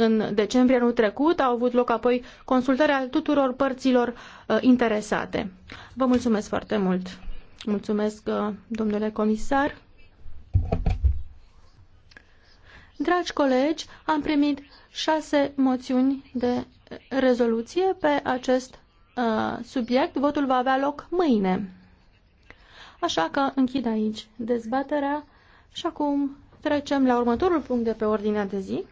în decembrie anul trecut. Au avut loc apoi consultări al tuturor părților uh, interesate. Vă mulțumesc foarte mult. Mulțumesc, uh, domnule comisar. Dragi colegi, am primit șase moțiuni de rezoluție pe acest uh, subiect. Votul va avea loc mâine. Așa că închid aici dezbaterea și acum trecem la următorul punct de pe ordinea de zi.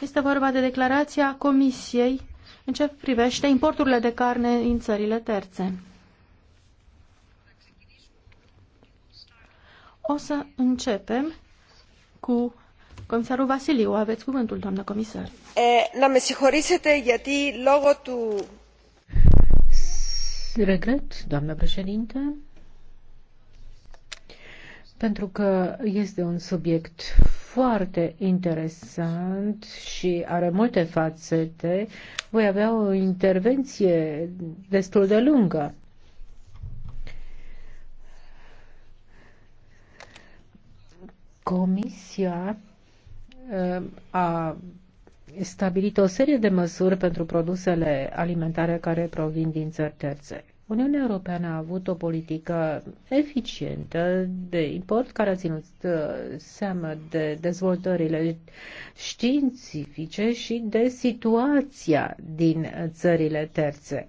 Este vorba de declarația Comisiei în ce privește importurile de carne din țările terțe. O să începem cu comisarul Vasiliu. Aveți cuvântul, doamnă comisar. La na me sihorisete, γιατί Regret, doamnă președinte, pentru că este un subiect foarte interesant și are multe fațete. Voi avea o intervenție destul de lungă. Comisia uh, a stabilit o serie de măsuri pentru produsele alimentare care provin din țări terțe. Uniunea Europeană a avut o politică eficientă de import care a ținut uh, seama de dezvoltările științifice și de situația din țările terțe.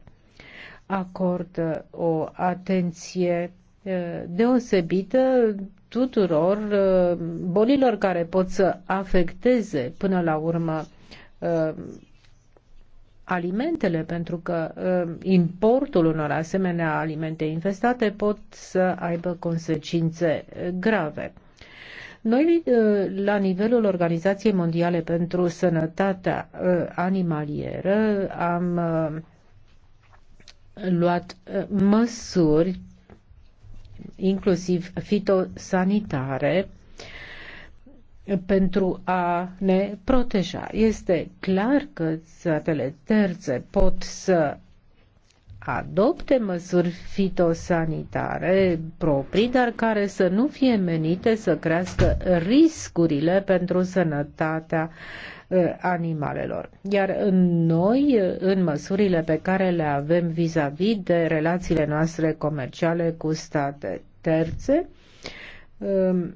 Acordă o atenție uh, deosebită tuturor uh, bolilor care pot să afecteze până la urmă alimentele, pentru că uh, importul unor asemenea alimente infestate pot să aibă consecințe uh, grave. Noi, uh, la nivelul Organizației Mondiale pentru Sănătatea Animalieră, am luat măsuri inclusiv fitosanitare pentru a ne proteja. Este clar că statele terțe pot să adopte măsuri fitosanitare proprii, dar care să nu fie menite să crească riscurile pentru sănătatea uh, animalelor. Iar noi, uh, în măsurile pe care le avem vis-a-vis -vis de relațiile noastre comerciale cu state terțe, um,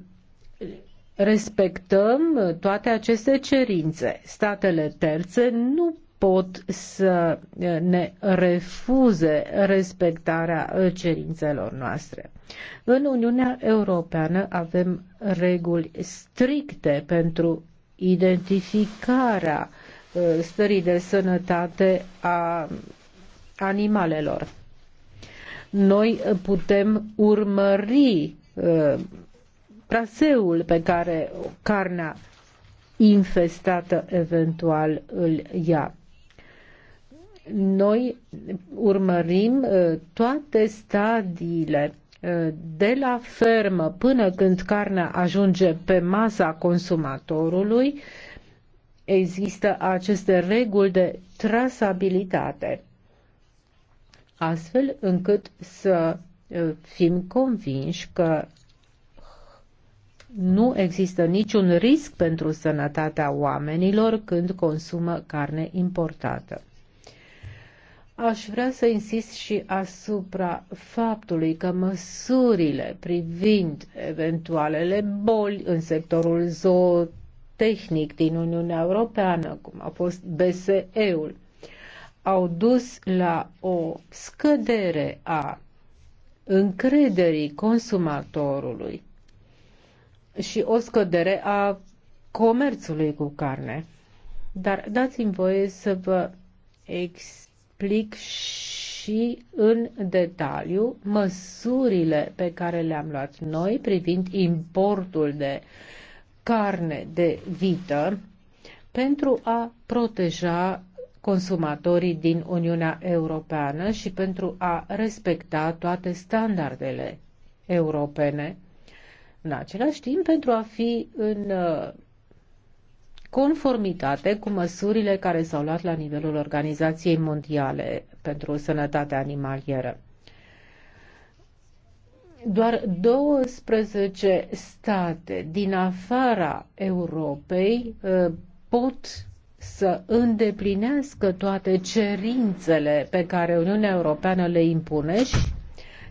respectăm toate aceste cerințe. Statele terțe nu pot să eh, ne refuze respectarea eh, cerințelor noastre. În Uniunea Europeană avem reguli stricte pentru identificarea eh, stării de sănătate a animalelor. Noi putem urmări traseul pe care carnea infestată eventual îl ia. Noi urmărim uh, toate stadiile uh, de la fermă până când carnea ajunge pe masa consumatorului, există aceste reguli de trasabilitate, astfel încât să uh, fim convinși că nu există niciun risc pentru sănătatea oamenilor când consumă carne importată. Aș vrea să insist și asupra faptului că măsurile privind eventualele boli în sectorul zootehnic din Uniunea Europeană, cum a fost BSE-ul, au dus la o scădere a încrederii consumatorului și o scădere a comerțului cu carne. Dar dați-mi voie să vă explic și în detaliu măsurile pe care le-am luat noi privind importul de carne de vită pentru a proteja consumatorii din Uniunea Europeană și pentru a respecta toate standardele europene în același timp pentru a fi în uh, conformitate cu măsurile care s-au luat la nivelul Organizației Mondiale pentru Sănătatea Animalieră. Doar 12 state din afara Europei uh, pot să îndeplinească toate cerințele pe care Uniunea Europeană le impune și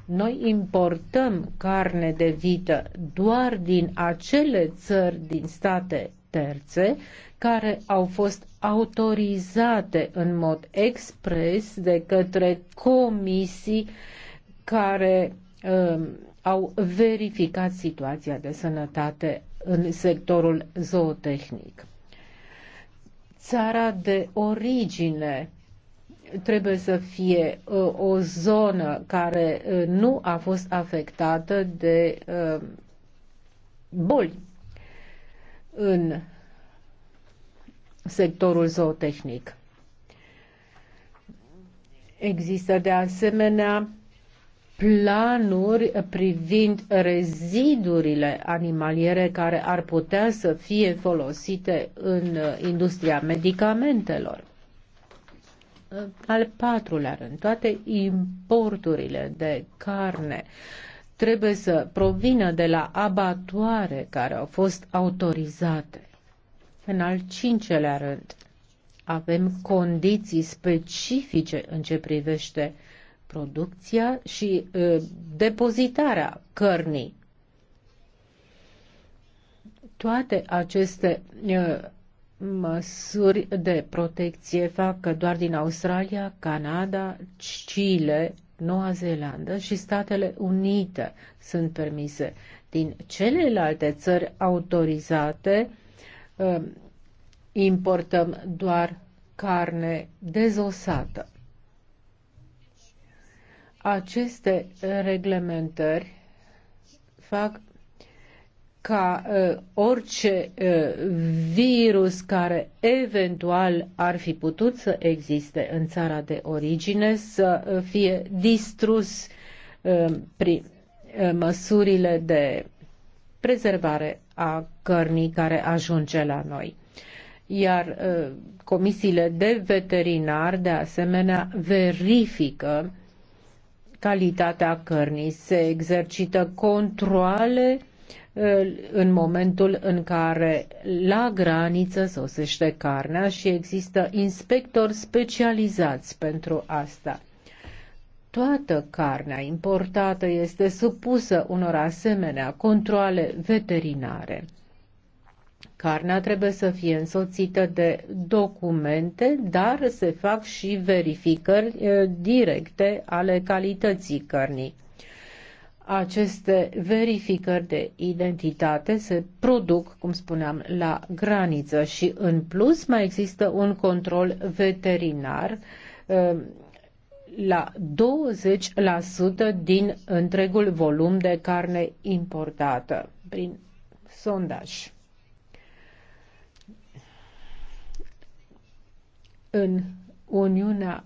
noi importăm carne de vită doar din acele țări din state terțe care au fost autorizate în mod expres de către comisii care um, au verificat situația de sănătate în sectorul zootehnic. Țara de origine trebuie să fie ă, o zonă care ă, nu a fost afectată de ă, boli în sectorul zootehnic. Există de asemenea planuri privind rezidurile animaliere care ar putea să fie folosite în industria medicamentelor al patrulea rând, toate importurile de carne trebuie să provină de la abatoare care au fost autorizate. În al cincelea rând, avem condiții specifice în ce privește producția și uh, depozitarea cărnii. Toate aceste uh, măsuri de protecție facă doar din Australia, Canada, Chile, Noua Zeelandă și Statele Unite sunt permise. Din celelalte țări autorizate um, importăm doar carne dezosată. Aceste reglementări fac ca uh, orice uh, virus care eventual ar fi putut să existe în țara de origine să ă, fie distrus uh, prin uh, măsurile de prezervare a cărnii care ajunge la noi. Iar uh, comisiile de veterinar, de asemenea, verifică calitatea cărnii, se exercită controle în momentul în care la graniță sosește carnea și există inspectori specializați pentru asta. Toată carnea importată este supusă unor asemenea controle veterinare. Carnea trebuie să fie însoțită de documente, dar se fac și verificări eh, directe ale calității cărnii aceste verificări de identitate se produc, cum spuneam, la graniță și în plus mai există un control veterinar uh, la 20% din întregul volum de carne importată prin sondaj. În Uniunea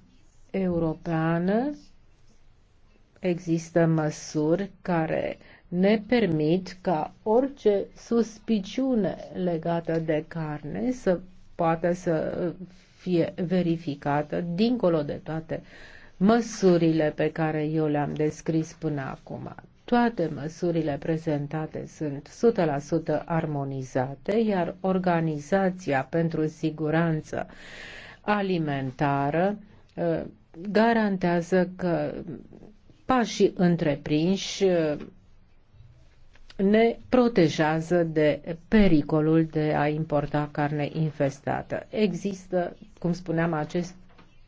Europeană există măsuri care ne permit ca orice suspiciune legată de carne să poată să fie verificată dincolo de toate măsurile pe care eu le-am descris până acum. Toate măsurile prezentate sunt 100% armonizate, iar Organizația pentru Siguranță Alimentară uh, garantează că pașii întreprinși uh, ne protejează de pericolul de a importa carne infestată. Există, cum spuneam, acest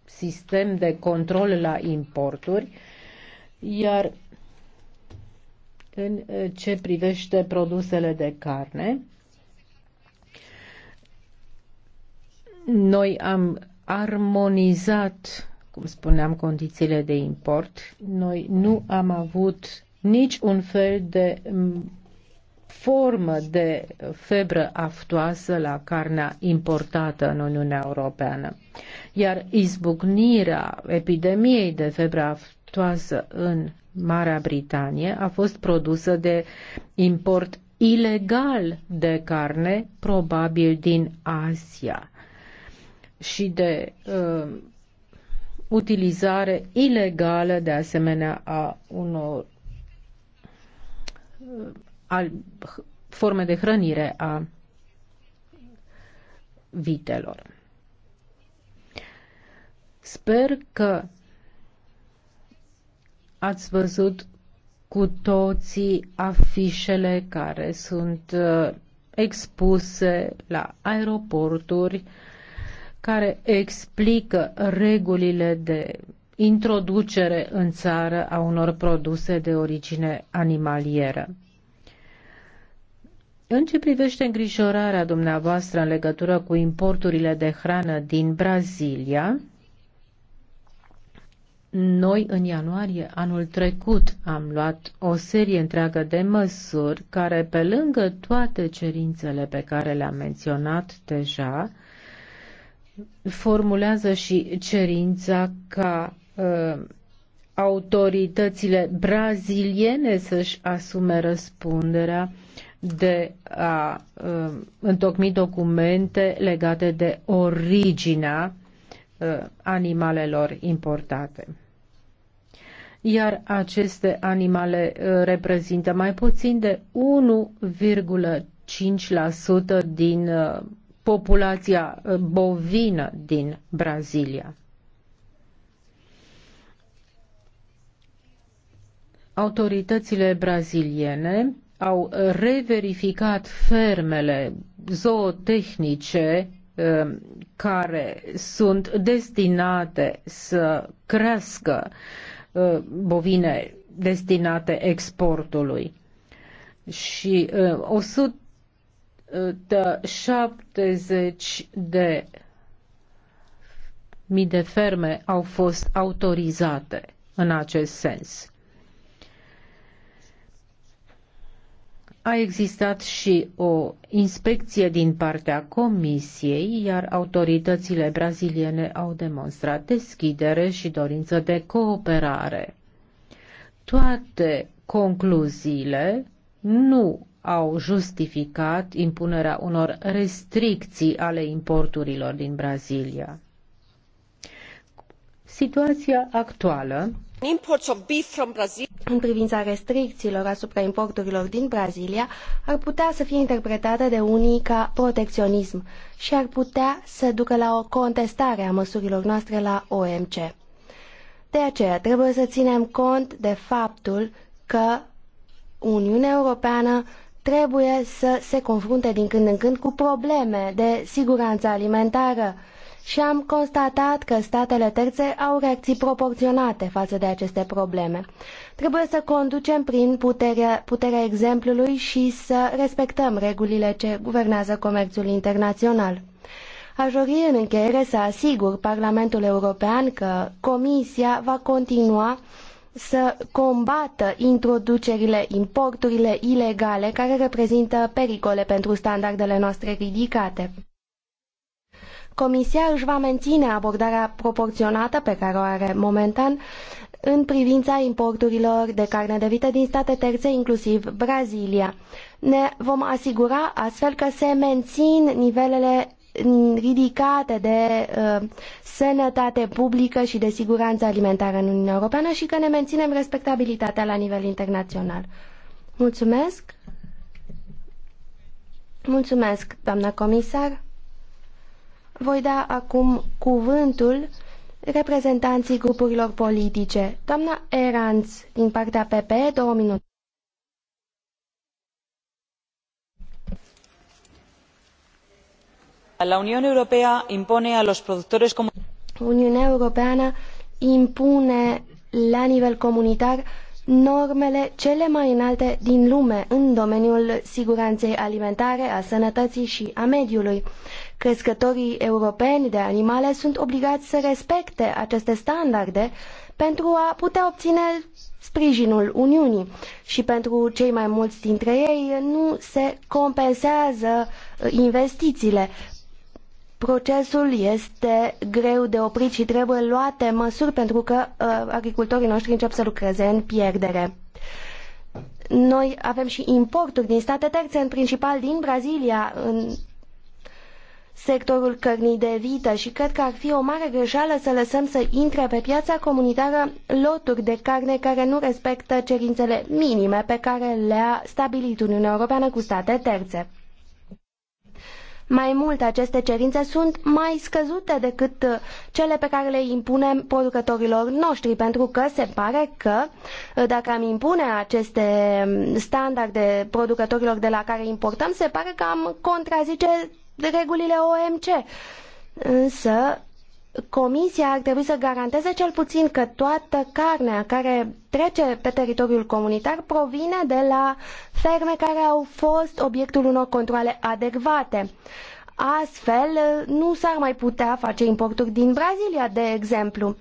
sistem de control la importuri, iar în uh, ce privește produsele de carne, noi am armonizat cum spuneam, condițiile de import, noi nu am avut nici un fel de mm, formă de febră aftoasă la carnea importată în Uniunea Europeană. Iar izbucnirea epidemiei de febră aftoasă în Marea Britanie a fost produsă de import ilegal de carne, probabil din Asia și de uh, utilizare ilegală de asemenea a unor uh, a forme de hrănire a vitelor. Sper că ați văzut cu toții afișele care sunt uh, expuse la aeroporturi care explică regulile de introducere în țară a unor produse de origine animalieră. În ce privește îngrijorarea dumneavoastră în legătură cu importurile de hrană din Brazilia, noi în ianuarie anul trecut am luat o serie întreagă de măsuri care, pe lângă toate cerințele pe care le-am menționat deja, formulează și cerința ca uh, autoritățile braziliene să-și asume răspunderea de a uh, întocmi documente legate de originea uh, animalelor importate. Iar aceste animale uh, reprezintă mai puțin de 1,5% din uh, populația uh, bovină din Brazilia. Autoritățile braziliene au reverificat fermele zootehnice uh, care sunt destinate să crească uh, bovine destinate exportului. Și 100 70 de mii de ferme au fost autorizate în acest sens. A existat și o inspecție din partea Comisiei, iar autoritățile braziliene au demonstrat deschidere și dorință de cooperare. Toate concluziile nu au justificat impunerea unor restricții ale importurilor din Brazilia. Situația actuală în privința restricțiilor asupra importurilor din Brazilia ar putea să fie interpretată de unii ca protecționism și ar putea să ducă la o contestare a măsurilor noastre la OMC. De aceea trebuie să ținem cont de faptul că Uniunea Europeană trebuie să se confrunte din când în când cu probleme de siguranță alimentară și am constatat că statele terțe au reacții proporționate față de aceste probleme. Trebuie să conducem prin puterea, puterea exemplului și să respectăm regulile ce guvernează comerțul internațional. Aș dori în încheiere să asigur Parlamentul European că Comisia va continua să combată introducerile, importurile ilegale care reprezintă pericole pentru standardele noastre ridicate. Comisia își va menține abordarea proporționată pe care o are momentan în privința importurilor de carne de vită din state terțe, inclusiv Brazilia. Ne vom asigura astfel că se mențin nivelele ridicate de uh, sănătate publică și de siguranță alimentară în Uniunea Europeană și că ne menținem respectabilitatea la nivel internațional. Mulțumesc! Mulțumesc, doamna comisar! Voi da acum cuvântul reprezentanții grupurilor politice. Doamna Eranț, din partea PP, două minute. la Uniunea Europeană impune la nivel comunitar normele cele mai înalte din lume în domeniul siguranței alimentare, a sănătății și a mediului. Crescătorii europeni de animale sunt obligați să respecte aceste standarde pentru a putea obține sprijinul Uniunii și pentru cei mai mulți dintre ei nu se compensează uh, investițiile. Procesul este greu de oprit și trebuie luate măsuri pentru că uh, agricultorii noștri încep să lucreze în pierdere. Noi avem și importuri din state terțe, în principal din Brazilia, în sectorul cărnii de vită și cred că ar fi o mare greșeală să lăsăm să intre pe piața comunitară loturi de carne care nu respectă cerințele minime pe care le-a stabilit Uniunea Europeană cu state terțe. Mai mult, aceste cerințe sunt mai scăzute decât uh, cele pe care le impunem producătorilor noștri, pentru că se pare că uh, dacă am impune aceste um, standarde producătorilor de la care importăm, se pare că am contrazice regulile OMC. Însă, Comisia ar trebui să garanteze cel puțin că toată carnea care trece pe teritoriul comunitar provine de la ferme care au fost obiectul unor controle adecvate. Astfel, nu s-ar mai putea face importuri din Brazilia, de exemplu.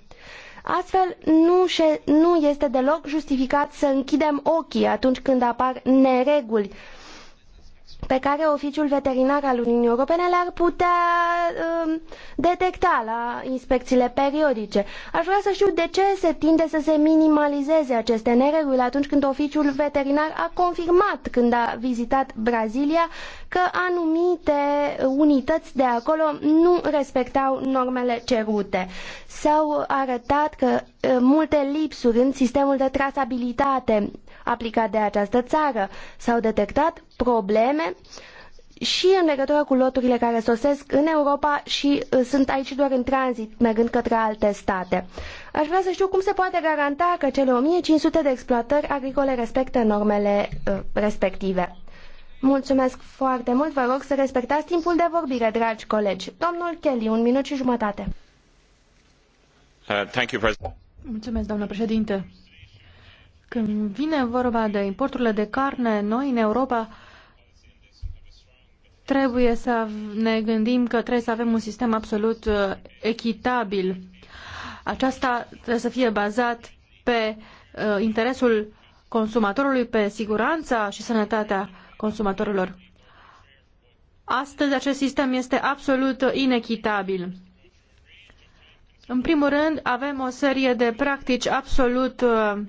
Astfel, nu, nu este deloc justificat să închidem ochii atunci când apar nereguli pe care oficiul veterinar al Uniunii Europene le-ar putea uh, detecta la inspecțiile periodice. Aș vrea să știu de ce se tinde să se minimalizeze aceste nereguli atunci când oficiul veterinar a confirmat când a vizitat Brazilia că anumite unități de acolo nu respectau normele cerute. S-au arătat că uh, multe lipsuri în sistemul de trasabilitate aplicat de această țară. S-au detectat probleme și în legătură cu loturile care sosesc în Europa și uh, sunt aici doar în tranzit, mergând către alte state. Aș vrea să știu cum se poate garanta că cele 1500 de exploatări agricole respectă normele uh, respective. Mulțumesc foarte mult, vă rog să respectați timpul de vorbire, dragi colegi. Domnul Kelly, un minut și jumătate. Uh, thank you, Mulțumesc, doamnă președinte. Când vine vorba de importurile de carne, noi în Europa trebuie să ne gândim că trebuie să avem un sistem absolut uh, echitabil. Aceasta trebuie să fie bazat pe uh, interesul consumatorului, pe siguranța și sănătatea consumatorilor. Astăzi acest sistem este absolut inechitabil. În primul rând, avem o serie de practici absolut uh,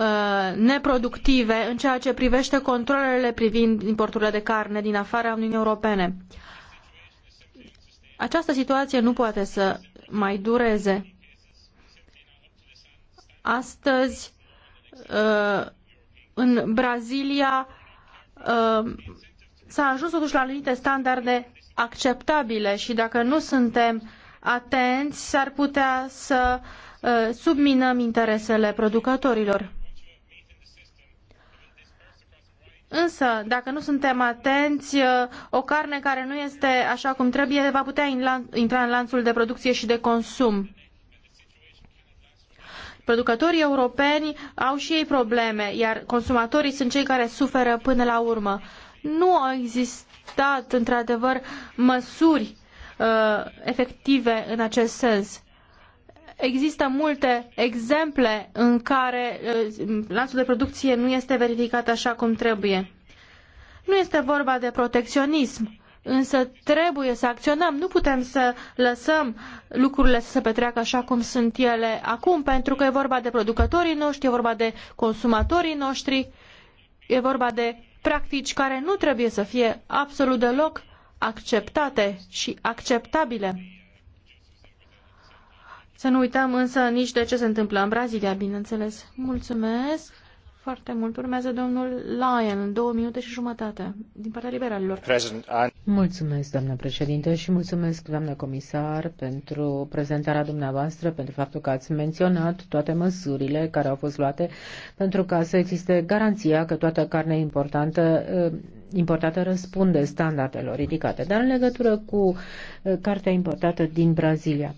Uh, neproductive în ceea ce privește controlele privind importurile de carne din afara Uniunii Europene. Această situație nu poate să mai dureze. Astăzi, uh, în Brazilia, uh, s-a ajuns totuși la anumite standarde acceptabile și dacă nu suntem atenți, s-ar putea să subminăm interesele producătorilor. Însă, dacă nu suntem atenți, o carne care nu este așa cum trebuie va putea intra în lanțul de producție și de consum. Producătorii europeni au și ei probleme, iar consumatorii sunt cei care suferă până la urmă. Nu au existat, într-adevăr, măsuri uh, efective în acest sens. Există multe exemple în care uh, lanțul de producție nu este verificat așa cum trebuie. Nu este vorba de protecționism, însă trebuie să acționăm. Nu putem să lăsăm lucrurile să se petreacă așa cum sunt ele acum, pentru că e vorba de producătorii noștri, e vorba de consumatorii noștri, e vorba de practici care nu trebuie să fie absolut deloc acceptate și acceptabile. Să nu uităm însă nici de ce se întâmplă în Brazilia, bineînțeles. Mulțumesc foarte mult. Urmează domnul Lyon, două minute și jumătate, din partea liberalilor. Mulțumesc, doamnă președinte, și mulțumesc, doamnă comisar, pentru prezentarea dumneavoastră, pentru faptul că ați menționat toate măsurile care au fost luate pentru ca să existe garanția că toată carnea importantă eh, importată răspunde standardelor ridicate, dar în legătură cu eh, cartea importată din Brazilia.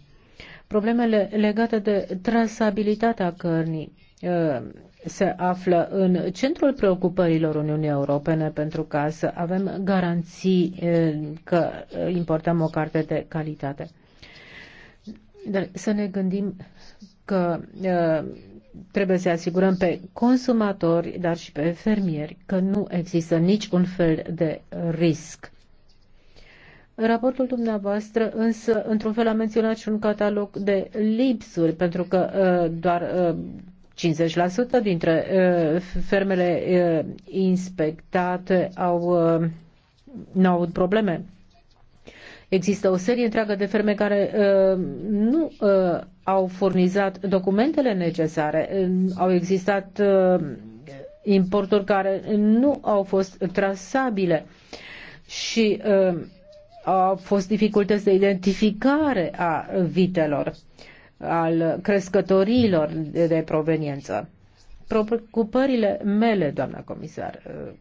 Problemele legate de trasabilitatea cărnii uh, se află în centrul preocupărilor Uniunii Europene pentru ca să avem garanții uh, că uh, importăm o carte de calitate. Dar să ne gândim că trebuie să asigurăm pe consumatori, dar și pe fermieri, că nu există niciun fel de risc. Raportul dumneavoastră însă, într-un fel, a menționat și un catalog de lipsuri, pentru că uh, doar 50% uh, dintre uh, fermele inspectate au, nu au avut probleme. Există o serie întreagă de ferme care nu au furnizat documentele necesare. Au existat importuri care nu au fost trasabile și uh, au fost dificultăți de identificare a vitelor, al crescătorilor de proveniență. Preocupările mele, doamna comisar, uh,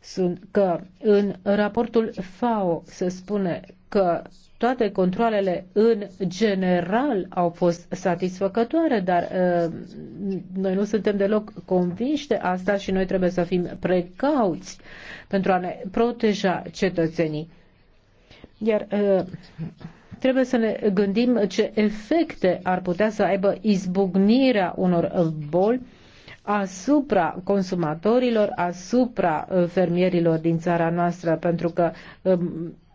sunt că în raportul FAO se spune că toate controlele în general au fost satisfăcătoare, dar uh, noi nu suntem deloc convinși de asta și noi trebuie să fim precauți pentru a ne proteja cetățenii. Iar uh, trebuie să ne gândim ce efecte ar putea să aibă izbucnirea unor boli asupra consumatorilor, asupra uh, fermierilor din țara noastră, pentru că um,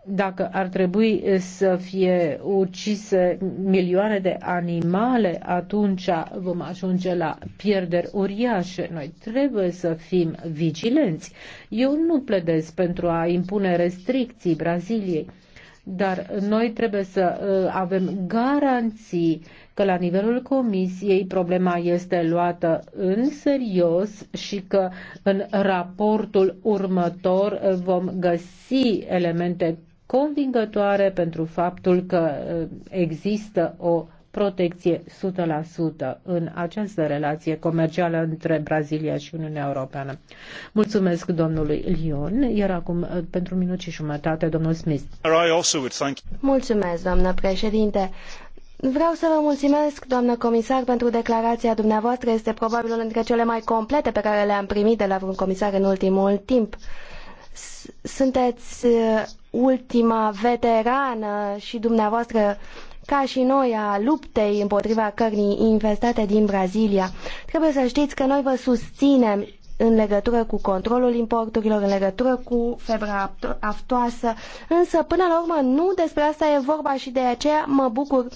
dacă ar trebui să fie ucise milioane de animale, atunci vom ajunge la pierderi uriașe. Noi trebuie să fim vigilenți. Eu nu pledez pentru a impune restricții Braziliei dar noi trebuie să uh, avem garanții că la nivelul comisiei problema este luată în serios și că în raportul următor uh, vom găsi elemente convingătoare pentru faptul că uh, există o protecție 100% în această relație comercială între Brazilia și Uniunea Europeană. Mulțumesc domnului Lyon, iar acum uh, pentru minut și jumătate domnul Smith. Mulțumesc, doamnă președinte. Vreau să vă mulțumesc, doamnă comisar, pentru declarația dumneavoastră. Este probabil una dintre cele mai complete pe care le-am primit de la vreun comisar în ultimul timp. Sunteți uh, ultima veterană și dumneavoastră ca și noi a luptei împotriva cărnii infestate din Brazilia. Trebuie să știți că noi vă susținem în legătură cu controlul importurilor, în legătură cu febra aftoasă, însă până la urmă nu despre asta e vorba și de aceea mă bucur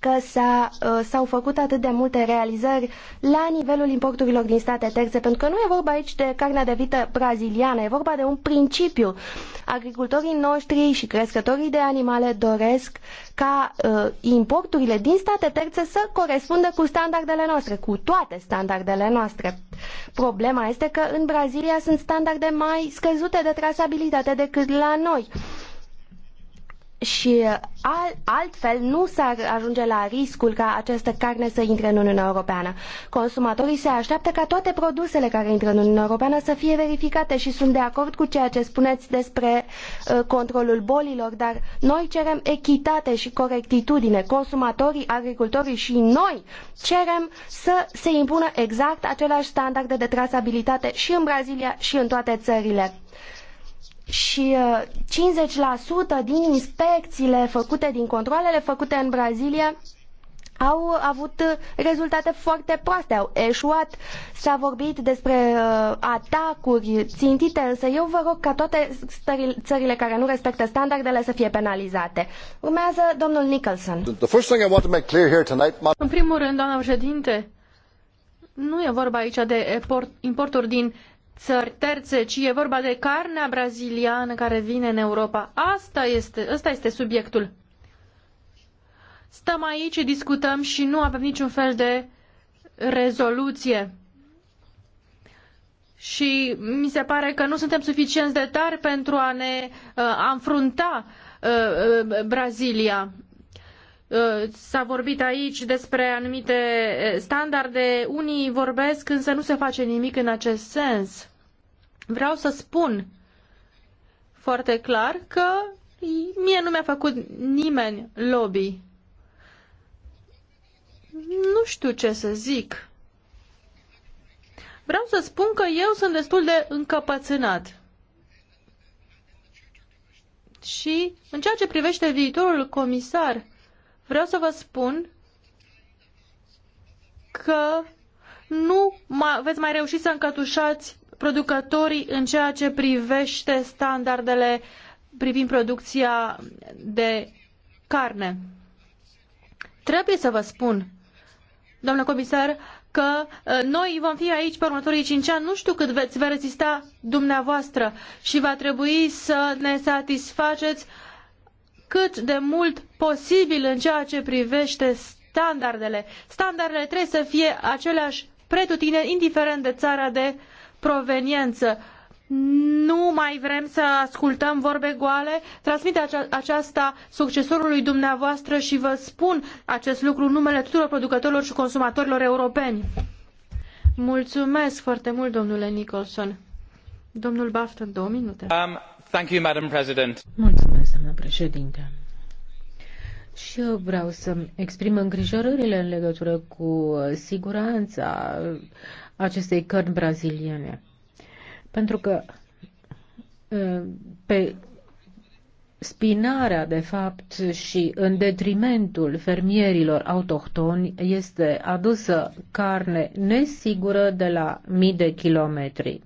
că uh, s-au făcut atât de multe realizări la nivelul importurilor din state terțe, pentru că nu e vorba aici de carnea de vită braziliană, e vorba de un principiu. Agricultorii noștri și crescătorii de animale doresc ca uh, importurile din state terțe să corespundă cu standardele noastre, cu toate standardele noastre. Problema este că în Brazilia sunt standarde mai scăzute de trasabilitate decât la noi. Uh, și al, altfel nu s-ar ajunge la riscul ca această carne să intre în Uniunea Europeană. Consumatorii se așteaptă ca toate produsele care intră în Uniunea Europeană să fie verificate și sunt de acord cu ceea ce spuneți despre uh, controlul bolilor, dar noi cerem echitate și corectitudine. Consumatorii, agricultorii și noi cerem să se impună exact aceleași standarde de trasabilitate și în Brazilia și în toate țările și 50% uh, din inspecțiile făcute, din controlele făcute în Brazilia, au avut uh, rezultate foarte proaste, au eșuat. S-a vorbit despre uh, atacuri țintite, însă eu vă rog ca toate țările care nu respectă standardele să fie penalizate. Urmează domnul Nicholson. În primul rând, doamna președinte, nu e vorba aici de import, importuri din țări terțe, ci e vorba de carnea braziliană care vine în Europa. Asta este, este subiectul. Stăm aici, discutăm și nu avem niciun fel de rezoluție. Și mi se pare că nu suntem suficient de tari pentru a ne uh, a înfrunta uh, uh Brazilia. Uh, s-a vorbit aici despre anumite uh, standarde, unii vorbesc însă nu se face nimic în acest sens. Vreau să spun foarte clar că mie nu mi-a făcut nimeni lobby. Nu știu ce să zic. Vreau să spun că eu sunt destul de încăpățânat. Și în ceea ce privește viitorul comisar, Vreau să vă spun că nu mai, veți mai reuși să încătușați producătorii în ceea ce privește standardele privind producția de carne. Trebuie să vă spun, domnule comisar, că ă, noi vom fi aici pe următorii cinci ani, nu știu cât veți, vă rezista dumneavoastră și va trebui să ne satisfaceți uh, cât de mult posibil în ceea ce privește standardele. Standardele trebuie să fie aceleași pretutine, indiferent de țara de proveniență. Nu mai vrem să ascultăm vorbe goale. Transmite aceasta succesorului dumneavoastră și vă spun acest lucru în numele tuturor producătorilor și consumatorilor europeni. Mulțumesc foarte mult, domnule Nicholson. Domnul Bafton, două minute. Um doamnă Și eu vreau să exprim îngrijorările în legătură cu siguranța acestei cărni braziliene. Pentru că ă, pe spinarea, de fapt, și în detrimentul fermierilor autohtoni este adusă carne nesigură de la mii de kilometri.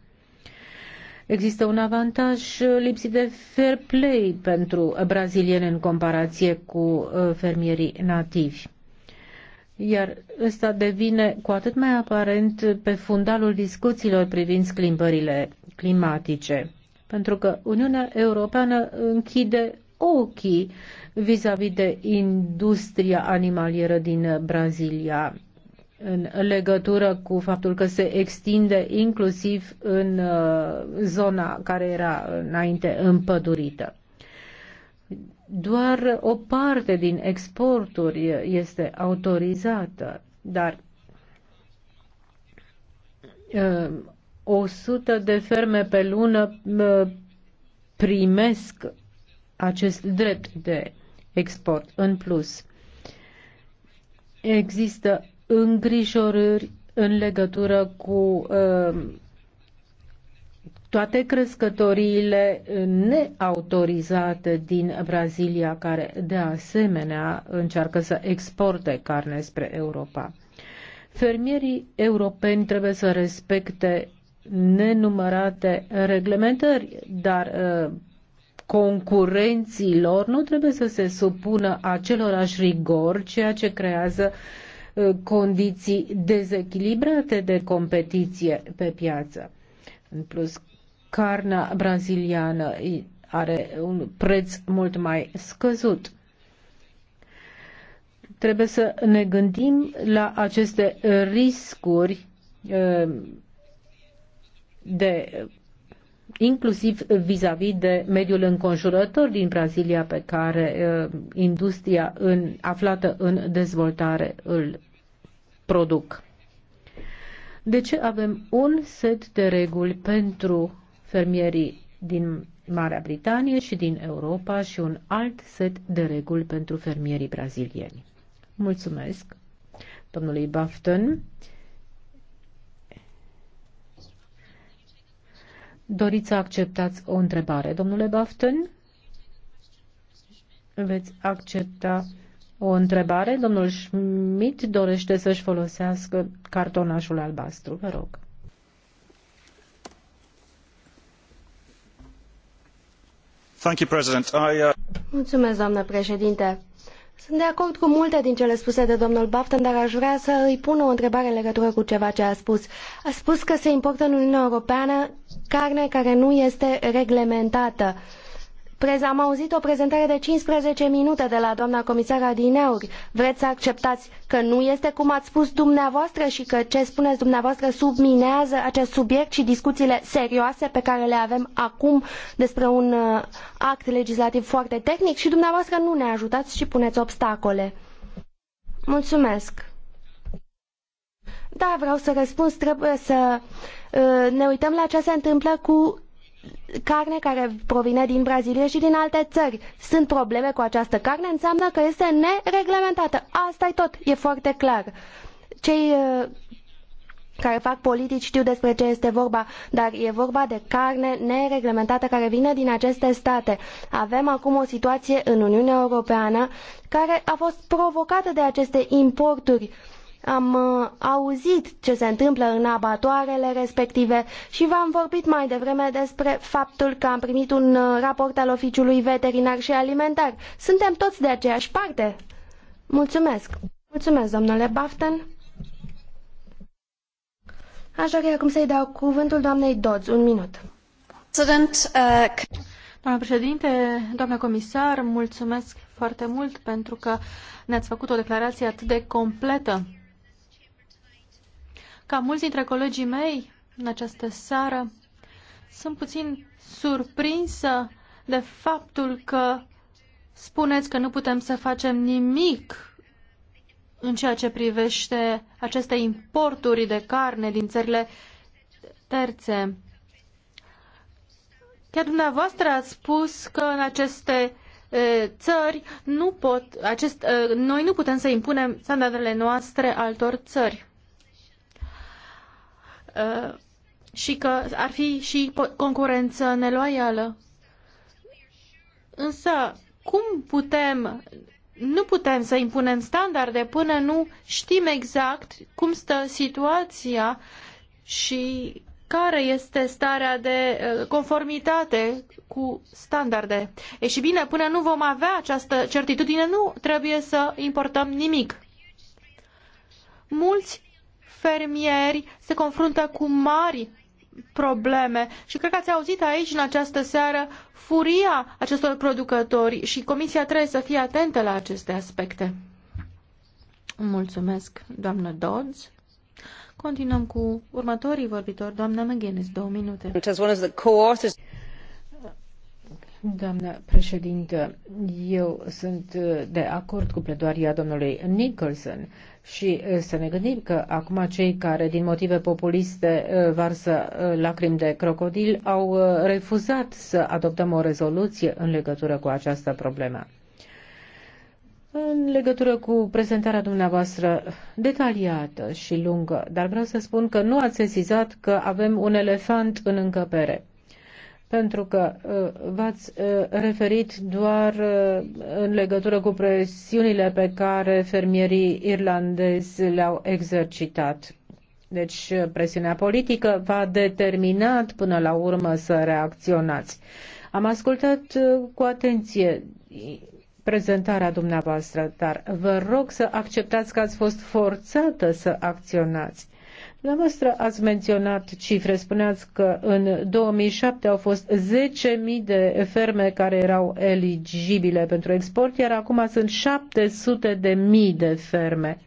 Există un avantaj lipsit de fair play pentru brazilieni în comparație cu uh, fermierii nativi. Iar ăsta devine cu atât mai aparent pe fundalul discuțiilor privind schimbările climatice, pentru că Uniunea Europeană închide ochii vis-a-vis -vis de industria animalieră din Brazilia în legătură cu faptul că se extinde inclusiv în uh, zona care era înainte împădurită. Doar o parte din exporturi este autorizată, dar 100 uh, de ferme pe lună uh, primesc acest drept de export în plus. Există îngrijorări în legătură cu uh, toate crescătoriile neautorizate din Brazilia, care de asemenea încearcă să exporte carne spre Europa. Fermierii europeni trebuie să respecte nenumărate reglementări, dar uh, concurenții lor nu trebuie să se supună acelorași rigori, ceea ce creează uh, Uh, condiții dezechilibrate de competiție pe piață. În plus, carnea braziliană are un preț mult mai scăzut. Trebuie să ne gândim la aceste riscuri uh, de inclusiv vis-a-vis -vis de mediul înconjurător din Brazilia pe care uh, industria în, aflată în dezvoltare îl produc. De ce avem un set de reguli pentru fermierii din Marea Britanie și din Europa și un alt set de reguli pentru fermierii brazilieni? Mulțumesc domnului Bafton. Doriți să acceptați o întrebare, domnule Bafton? Veți accepta o întrebare. Domnul Schmidt dorește să-și folosească cartonașul albastru. Vă rog. Thank you, President. I, uh... Mulțumesc, doamnă președinte. Sunt de acord cu multe din cele spuse de domnul Bafton, dar aș vrea să îi pun o întrebare în legătură cu ceva ce a spus. A spus că se importă în Uniunea Europeană carne care nu este reglementată. Uh, Prez, am auzit o prezentare de 15 minute de la doamna comisar Adineauri. Vreți să acceptați că nu este cum ați spus dumneavoastră și că ce spuneți dumneavoastră subminează acest subiect și discuțiile serioase pe care le avem acum despre un uh, act legislativ foarte tehnic și dumneavoastră nu ne ajutați și puneți obstacole. Mulțumesc. Da, vreau să răspuns. Trebuie să uh, ne uităm la ce se întâmplă cu carne care provine din Brazilia și din alte țări. Sunt probleme cu această carne, înseamnă că este nereglementată. asta e tot, e foarte clar. Cei uh, care fac politici știu despre ce este vorba, dar e vorba de carne nereglementată care vine din aceste state. Avem acum o situație în Uniunea Europeană care a fost provocată de aceste importuri uh, am uh, auzit ce se întâmplă în abatoarele respective și v-am vorbit mai devreme despre faptul că am primit un uh, raport al oficiului veterinar și alimentar. Suntem toți de aceeași parte. Mulțumesc. Mulțumesc, domnule Bafton. Aș dori acum să-i dau cuvântul doamnei Dodds. Un minut. Uh, doamnă președinte, doamnă comisar, mulțumesc foarte mult pentru că ne-ați făcut o declarație atât de completă ca mulți dintre colegii mei în această seară, sunt puțin surprinsă de faptul că spuneți că nu putem să facem nimic în ceea ce privește aceste importuri de carne din țările terțe. Chiar dumneavoastră a spus că în aceste țări nu pot, acest, noi nu putem să impunem standardele noastre altor țări. Uh, și că ar fi și concurență neloială. Însă, cum putem, nu putem să impunem standarde până nu știm exact cum stă situația și care este starea de uh, conformitate cu standarde. E și bine, până nu vom avea această certitudine, nu trebuie să importăm nimic. Mulți fermieri se confruntă cu mari probleme și cred că ați auzit aici în această seară furia acestor producători și Comisia trebuie să fie atentă la aceste aspecte. Mulțumesc, doamnă Dodds. Continuăm cu următorii vorbitori, doamna McGuinness, două minute. Doamnă președintă, eu sunt uh, de acord cu pledoaria domnului Nicholson și uh, să ne gândim că acum cei care din motive populiste uh, varsă lacrimi de crocodil au refuzat să adoptăm o rezoluție în legătură cu această problemă. În legătură cu prezentarea dumneavoastră detaliată și lungă, dar vreau să spun că nu ați sesizat că avem un elefant în încăpere pentru că uh, v-ați uh, referit doar uh, în legătură cu presiunile pe care fermierii irlandezi le-au exercitat. Deci presiunea politică v-a determinat până la urmă să reacționați. Am ascultat cu atenție prezentarea dumneavoastră, dar vă rog să acceptați că ați fost forțată să acționați. Dumneavoastră ați menționat cifre, spuneați că în 2007 au fost 10.000 de ferme care erau eligibile pentru export, iar acum sunt 700.000 de, de ferme.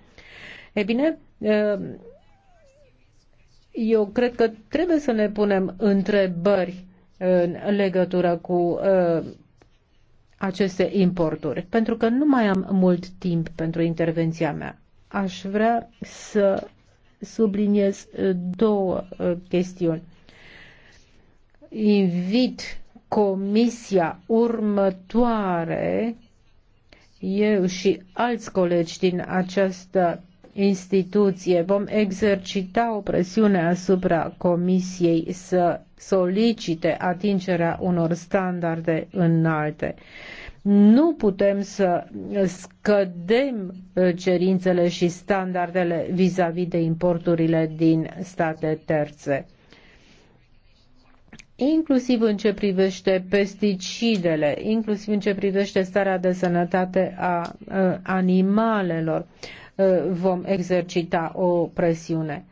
E bine, eh, eu cred că trebuie să ne punem întrebări în legătură cu eh, aceste importuri, pentru că nu mai am mult timp pentru intervenția mea. Aș vrea să subliniez uh, două uh, chestiuni. Invit comisia următoare, eu și alți colegi din această instituție. Vom exercita o presiune asupra Comisiei să solicite atingerea unor standarde înalte nu putem să scădem uh, cerințele și standardele vis-a-vis -vis de importurile din state terțe. Inclusiv în ce privește pesticidele, inclusiv în ce privește starea de sănătate a uh, animalelor, uh, vom exercita o presiune.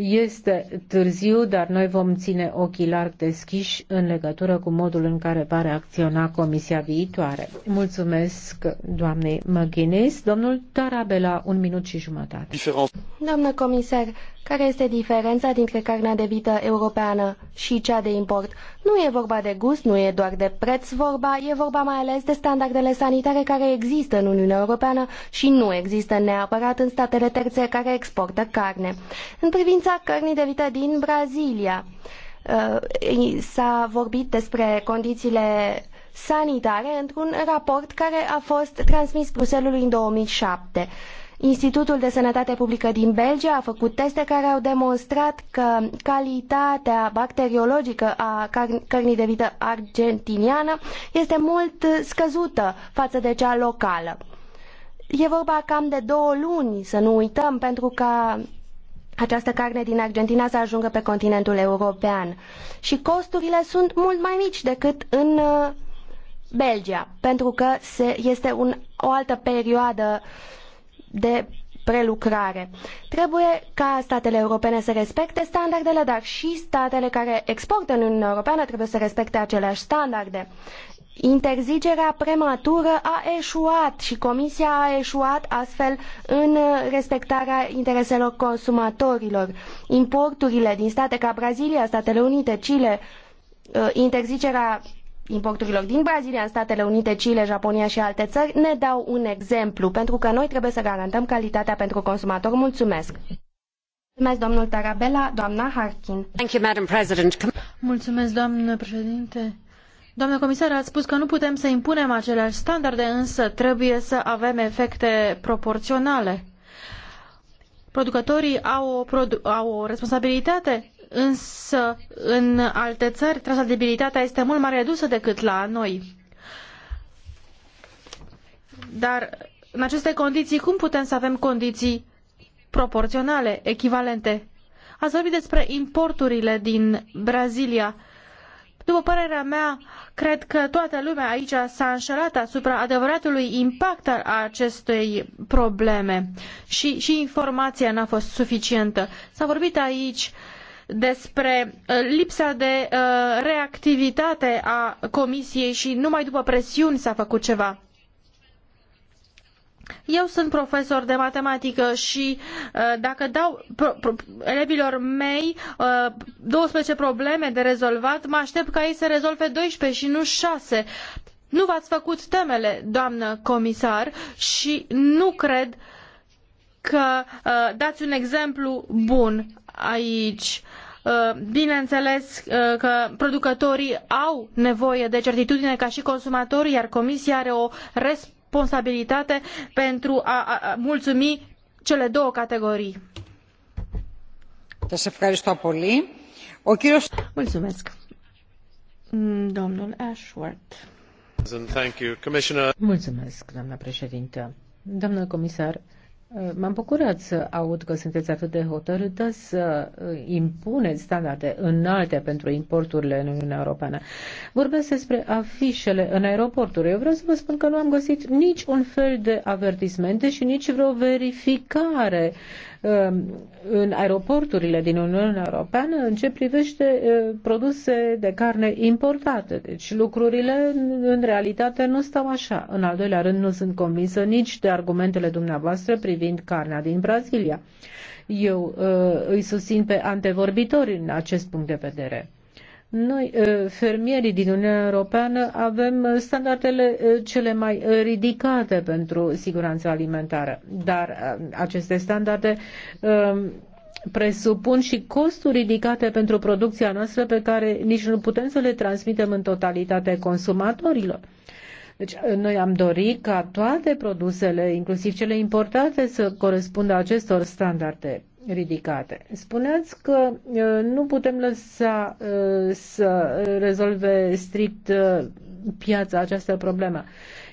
Este târziu, dar noi vom ține ochii larg deschiși în legătură cu modul în care va reacționa Comisia viitoare. Mulțumesc doamnei McGuinness. Domnul Tarabela, un minut și jumătate. Doamnă comisar, care este diferența dintre carnea de vită europeană și cea de import? Nu e vorba de gust, nu e doar de preț vorba, e vorba mai ales de standardele sanitare care există în Uniunea Europeană și nu există neapărat în statele terțe care exportă carne. În privința cărnii de vită din Brazilia, uh, s-a vorbit despre condițiile sanitare într-un raport care a fost transmis Bruselului în 2007. Institutul de Sănătate Publică din Belgia a făcut teste care au demonstrat că calitatea bacteriologică a cărnii de vită argentiniană este mult scăzută față de cea locală. E vorba cam de două luni, să nu uităm, pentru ca această carne din Argentina să ajungă pe continentul european. Și costurile sunt mult mai mici decât în uh, Belgia, pentru că este un, o altă perioadă uh, de prelucrare. Trebuie ca statele europene să respecte standardele, dar și statele care exportă în Uniunea Europeană trebuie să respecte aceleași standarde. Interzicerea prematură a eșuat și Comisia a eșuat astfel în respectarea intereselor consumatorilor. Importurile din state ca Brazilia, Statele Unite, Chile, uh, interzicerea importurilor din Brazilia, în Statele Unite, Chile, Japonia și alte țări ne dau un exemplu, pentru că noi trebuie să garantăm calitatea pentru consumator. Mulțumesc! Mulțumesc, domnul Tarabella, doamna Harkin. Thank you, Madam President. Mulțumesc, doamnă președinte. Doamnă comisar, ați spus că nu putem să impunem aceleași standarde, însă trebuie să avem efecte proporționale. Producătorii au o, produ- au o responsabilitate însă în alte țări trasabilitatea este mult mai redusă decât la noi. Dar în aceste condiții, cum putem să avem condiții proporționale, echivalente? Ați vorbit despre importurile din Brazilia. După părerea mea, cred că toată lumea aici s-a înșelat asupra adevăratului impact al acestei probleme și, și informația n-a fost suficientă. S-a vorbit aici uh, despre uh, lipsa de uh, reactivitate a Comisiei și numai după presiuni s-a făcut ceva. Eu sunt profesor de matematică și uh, dacă dau pro, pro, elevilor mei 12 probleme de rezolvat, mă aștept ca ei să rezolve 12 și nu 6. Nu v-ați făcut temele, doamnă comisar, și nu cred că dați un exemplu bun aici. Uh, bineînțeles uh, că producătorii au nevoie de certitudine ca și consumatorii, iar Comisia are o responsabilitate pentru a mulțumi cele două categorii. Mulțumesc. Domnul Ashworth. Mulțumesc, doamna președintă. Domnul comisar, M-am bucurat să aud că sunteți atât de hotărâtă să uh, impuneți standarde înalte pentru importurile în Uniunea Europeană. Vorbesc despre afișele în aeroporturi. Eu vreau să vă spun că nu am găsit nici un fel de avertismente și nici vreo verificare Um, în aeroporturile din Uniunea Europeană în ce privește uh, produse de carne importate. Deci lucrurile în realitate nu stau așa. În al doilea rând nu sunt convinsă nici de argumentele dumneavoastră privind carnea din Brazilia. Eu uh, îi susțin pe antevorbitori în acest punct de vedere. Noi, uh, fermierii din Uniunea Europeană, avem uh, standardele uh, cele mai ridicate pentru siguranța alimentară, dar aceste standarde um, presupun și costuri ridicate pentru producția noastră pe care nici nu putem să le transmitem în totalitate consumatorilor. Deci noi am dorit ca toate produsele, inclusiv cele importate, să corespundă acestor standarde ridicate. Spuneați că uh, nu putem lăsa uh, să rezolve strict uh, piața această problemă.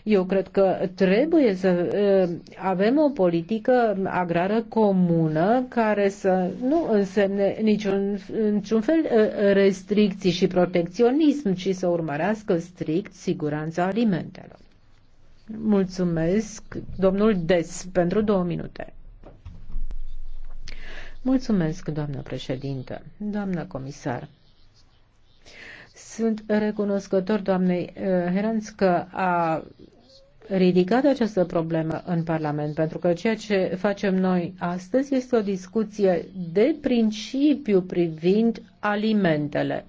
Eu cred că trebuie să avem o politică agrară comună care să nu însemne niciun, niciun fel restricții și protecționism, ci să urmărească strict siguranța alimentelor. Mulțumesc, domnul Des, pentru două minute. Mulțumesc, doamnă președintă, doamnă comisar. Sunt recunoscător doamnei uh, Heranț că a ridicat această problemă în Parlament, pentru că ceea ce facem noi astăzi este o discuție de principiu privind alimentele.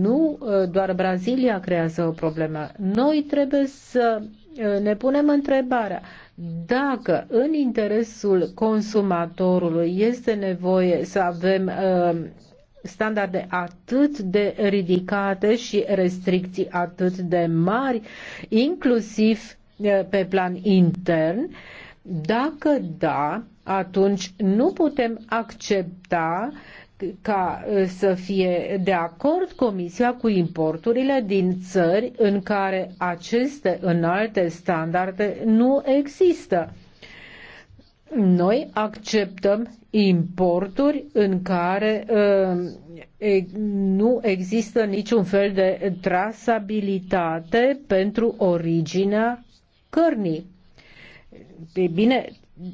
Nu uh, doar Brazilia creează o problemă. Noi trebuie să ne punem întrebarea dacă în interesul consumatorului este nevoie să avem uh, standarde atât de ridicate și restricții atât de mari, inclusiv uh, pe plan intern, dacă da, atunci nu putem accepta uh, ca să fie de acord Comisia cu importurile din țări în care aceste înalte standarde nu există. Noi acceptăm importuri în care uh, nu există niciun fel de trasabilitate pentru originea cărnii. E bine,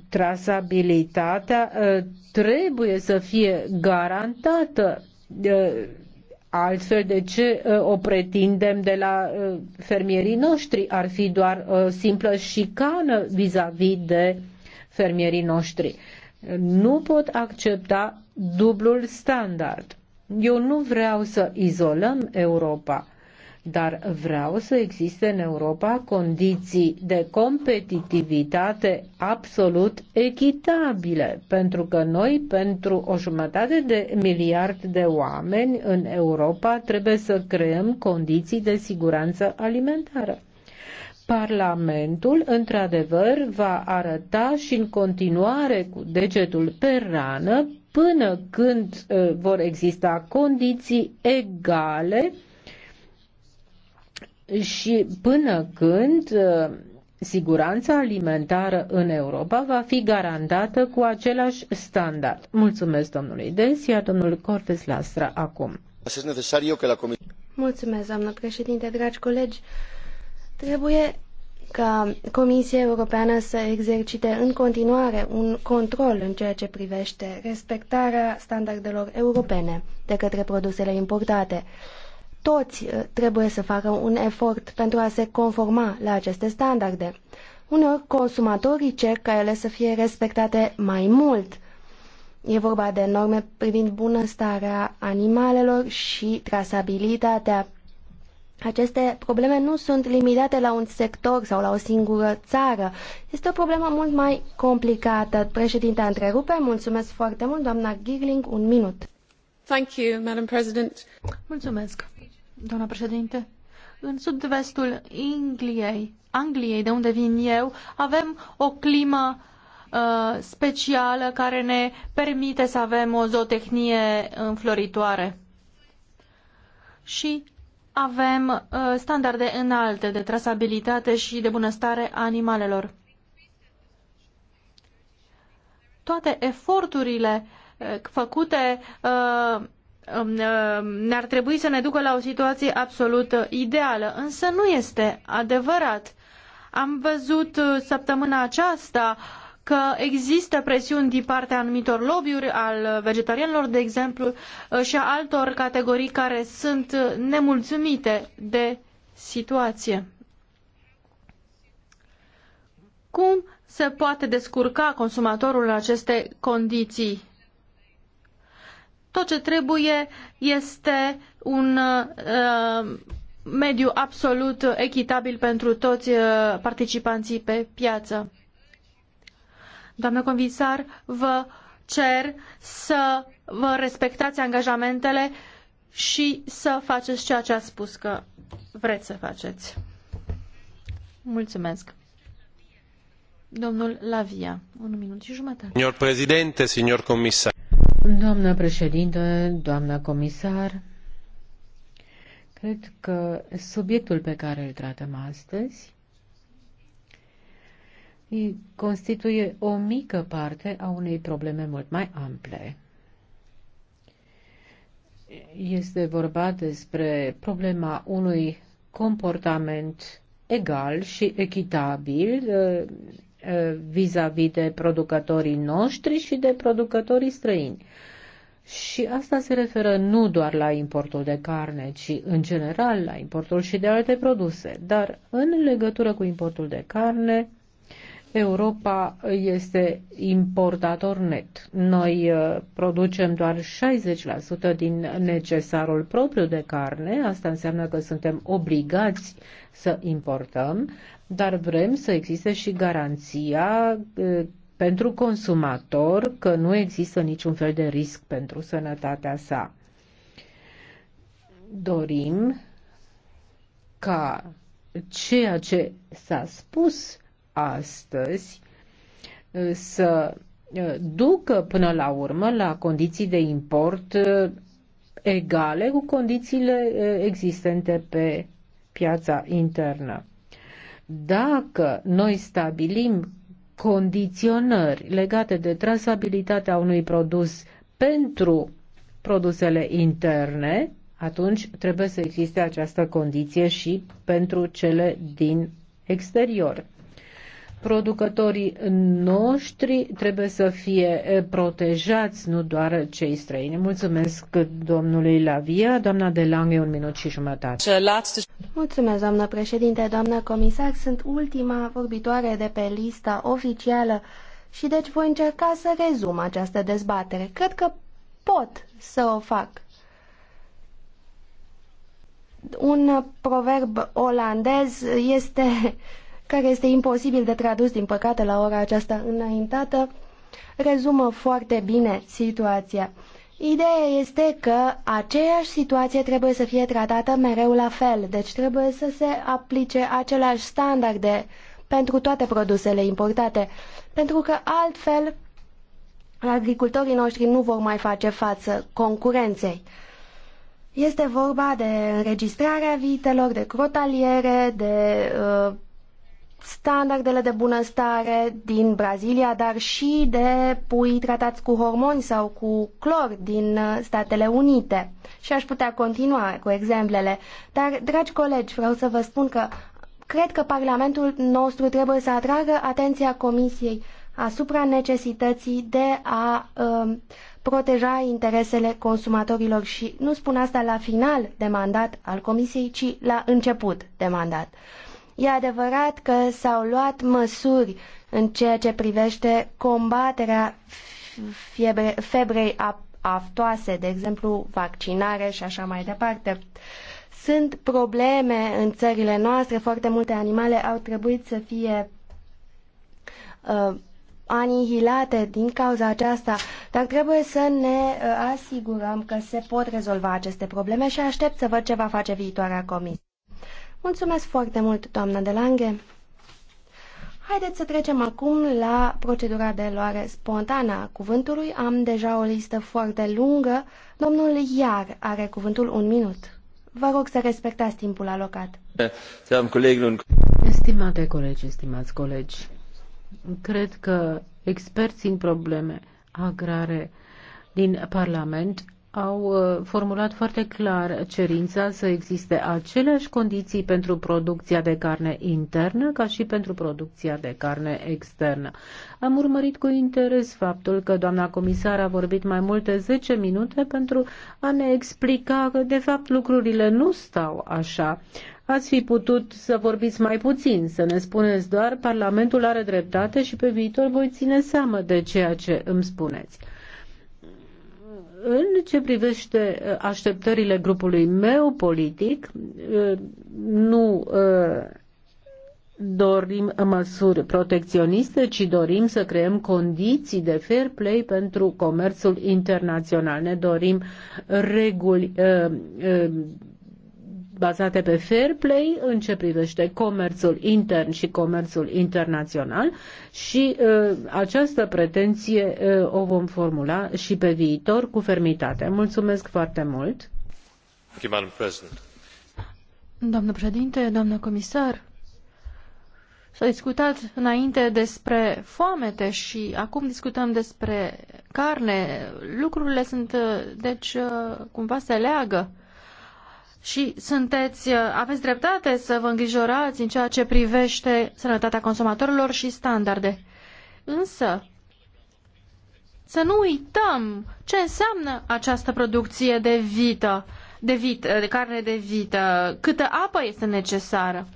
trasabilitatea ă, trebuie să fie garantată. Ă, altfel, de ce ă, o pretindem de la fermierii noștri? Ar fi doar o simplă șicană vis-a-vis -vis de fermierii noștri. Nu pot accepta dublul standard. Eu nu vreau să izolăm Europa dar vreau să existe în Europa condiții de competitivitate absolut echitabile, pentru că noi, pentru o jumătate de miliard de oameni în Europa, trebuie să creăm condiții de siguranță alimentară. Parlamentul, într-adevăr, va arăta și în continuare cu degetul pe rană până când uh, vor exista condiții egale și până când uh, siguranța alimentară în Europa va fi garantată cu același standard. Mulțumesc domnului Des, iar domnul Cortes Lastra acum. Mulțumesc, doamnă președinte, dragi colegi. Trebuie ca Comisia Europeană să exercite în continuare un control în ceea ce privește respectarea standardelor europene de către produsele importate. Toți uh, trebuie să facă un efort pentru a se conforma la aceste standarde. Uneori consumatorii cer ca ele să fie respectate mai mult. E vorba de norme privind bunăstarea animalelor și trasabilitatea. Aceste probleme nu sunt limitate la un sector sau la o singură țară. Este o problemă mult mai complicată. Președinte, întrerupe. Mulțumesc foarte mult, doamna Girling. Un minut. Thank you, Madam President. Mulțumesc doamna președinte. În sud-vestul Angliei, Angliei, de unde vin eu, avem o climă uh, specială care ne permite să avem o zootehnie înfloritoare. Și avem uh, standarde înalte de trasabilitate și de bunăstare a animalelor. Toate eforturile uh, făcute uh, Um, uh, ne-ar trebui să ne ducă la o situație absolut ideală, însă nu este adevărat. Am văzut uh, săptămâna aceasta că există presiuni din partea anumitor lobby-uri, al vegetarianilor, de exemplu, uh, și a altor categorii care sunt nemulțumite de situație. Cum se poate descurca consumatorul în aceste condiții? Tot ce trebuie este un uh, mediu absolut echitabil pentru toți uh, participanții pe piață. Doamnă comisar, vă cer să vă respectați angajamentele și să faceți ceea ce ați spus că vreți să faceți. Mulțumesc. Domnul Lavia, un minut și jumătate. Domnul președinte, domnul comisar. Doamna președintă, doamna comisar, cred că subiectul pe care îl tratăm astăzi constituie o mică parte a unei probleme mult mai ample. Este vorba despre problema unui comportament egal și echitabil uh, uh, vis-a-vis -vis de producătorii noștri și de producătorii străini. Și asta se referă nu doar la importul de carne, ci în general la importul și de alte produse. Dar în legătură cu importul de carne, Europa este importator net. Noi uh, producem doar 60% din necesarul propriu de carne, asta înseamnă că suntem obligați să importăm, dar vrem să existe și garanția uh, pentru consumator că nu există niciun fel de risc pentru sănătatea sa. Dorim ca ceea ce s-a spus astăzi uh, să uh, ducă până la urmă la condiții de import uh, egale cu condițiile existente pe piața internă. Dacă noi stabilim condiționări legate de trasabilitatea unui produs pentru produsele interne, atunci trebuie să existe această condiție și pentru cele din exterior producătorii noștri trebuie să fie protejați, nu doar cei străini. Mulțumesc domnului Lavia. Doamna de Lange, un minut și jumătate. Mulțumesc, doamnă președinte, doamnă comisar. Sunt ultima vorbitoare de pe lista oficială și deci voi încerca să rezum această dezbatere. Cred că pot să o fac. Un proverb olandez este care este imposibil de tradus, din păcate, la ora aceasta înaintată, rezumă foarte bine situația. Ideea este că aceeași situație trebuie să fie tratată mereu la fel, deci trebuie să se aplice aceleași standarde pentru toate produsele importate, pentru că altfel agricultorii noștri nu vor mai face față concurenței. Este vorba de înregistrarea vitelor, de crotaliere, de uh, standardele de bunăstare din Brazilia, dar și de pui tratați cu hormoni sau cu clor din uh, Statele Unite. Și aș putea continua cu exemplele. Dar, dragi colegi, vreau să vă spun că cred că Parlamentul nostru trebuie să atragă atenția Comisiei asupra necesității de a uh, proteja interesele consumatorilor și nu spun asta la final de mandat al Comisiei, ci la început de mandat. Uh, E adevărat că s-au luat măsuri în ceea ce privește combaterea fiebre, febrei aftoase, de exemplu vaccinare și așa mai departe. Sunt probleme în țările noastre, foarte multe animale au trebuit să fie uh, anihilate din cauza aceasta, dar trebuie să ne uh, asigurăm că se pot rezolva aceste probleme și aștept să văd ce va face viitoarea comisie. Mulțumesc foarte mult, doamna de Lange. Haideți să trecem acum la procedura de luare spontană a cuvântului. Am deja o listă foarte lungă. Domnul Iar are cuvântul un minut. Vă rog să respectați timpul alocat. Estimate colegi, estimați colegi, cred că experții în probleme agrare din Parlament au uh, formulat foarte clar cerința să existe aceleași condiții pentru producția de carne internă ca și pentru producția de carne externă. Am urmărit cu interes faptul că doamna comisar a vorbit mai multe 10 minute pentru a ne explica că de fapt lucrurile nu stau așa. Ați fi putut să vorbiți mai puțin, să ne spuneți doar Parlamentul are dreptate și pe viitor voi ține seamă de ceea ce îmi spuneți. În ce privește uh, așteptările grupului meu politic, uh, nu uh, dorim măsuri protecționiste, ci dorim să creăm condiții de fair play pentru comerțul internațional. Ne dorim reguli bazate pe fair play în ce privește comerțul intern și comerțul internațional și uh, această pretenție uh, o vom formula și pe viitor cu fermitate. Mulțumesc foarte mult! Doamnă președinte, doamnă comisar, S-a discutat înainte despre foamete și acum discutăm despre carne. Lucrurile sunt, uh, deci, cumva se leagă și sunteți, uh, aveți dreptate să vă îngrijorați în ceea ce privește sănătatea consumatorilor și standarde. Însă, să nu uităm ce înseamnă această producție de vită, de, vită, uh, de carne de vită, câtă apă este necesară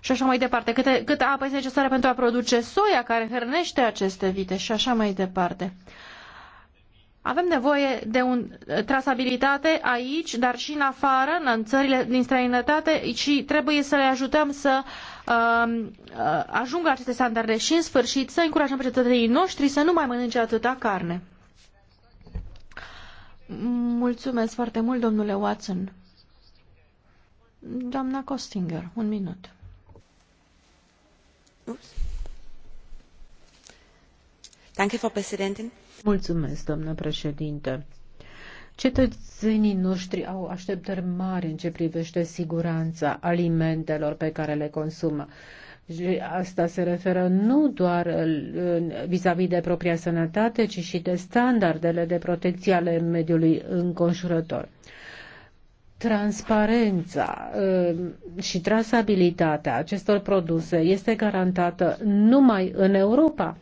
și așa mai departe, câte, câtă apă este necesară pentru a produce soia care hrănește aceste vite și așa mai departe. Avem nevoie de un eh, trasabilitate aici, dar și în afară, în țările din străinătate și trebuie să le ajutăm să uh, ajungă aceste standarde și în sfârșit să încurajăm pe cetățenii noștri să nu mai mănânce atâta carne. Mulțumesc foarte mult, domnule Watson. Doamna Costinger, un minut. Danke, Frau Präsidentin. Mulțumesc, doamnă președinte. Cetățenii noștri au așteptări mari în ce privește siguranța alimentelor pe care le consumă. Și asta se referă nu doar vis-a-vis -vis de propria sănătate, ci și de standardele de protecție ale mediului înconjurător. Transparența um, și trasabilitatea acestor produse este garantată numai în Europa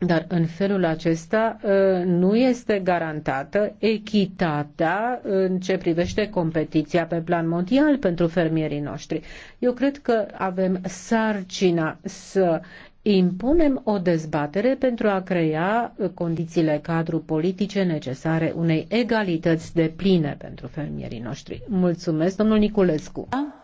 dar în felul acesta ă, nu este garantată echitatea în ce privește competiția pe plan mondial pentru fermierii noștri. Eu cred că avem sarcina să impunem o dezbatere pentru a crea condițiile cadru politice necesare unei egalități de pline pentru fermierii noștri. Mulțumesc, domnul Niculescu. Da?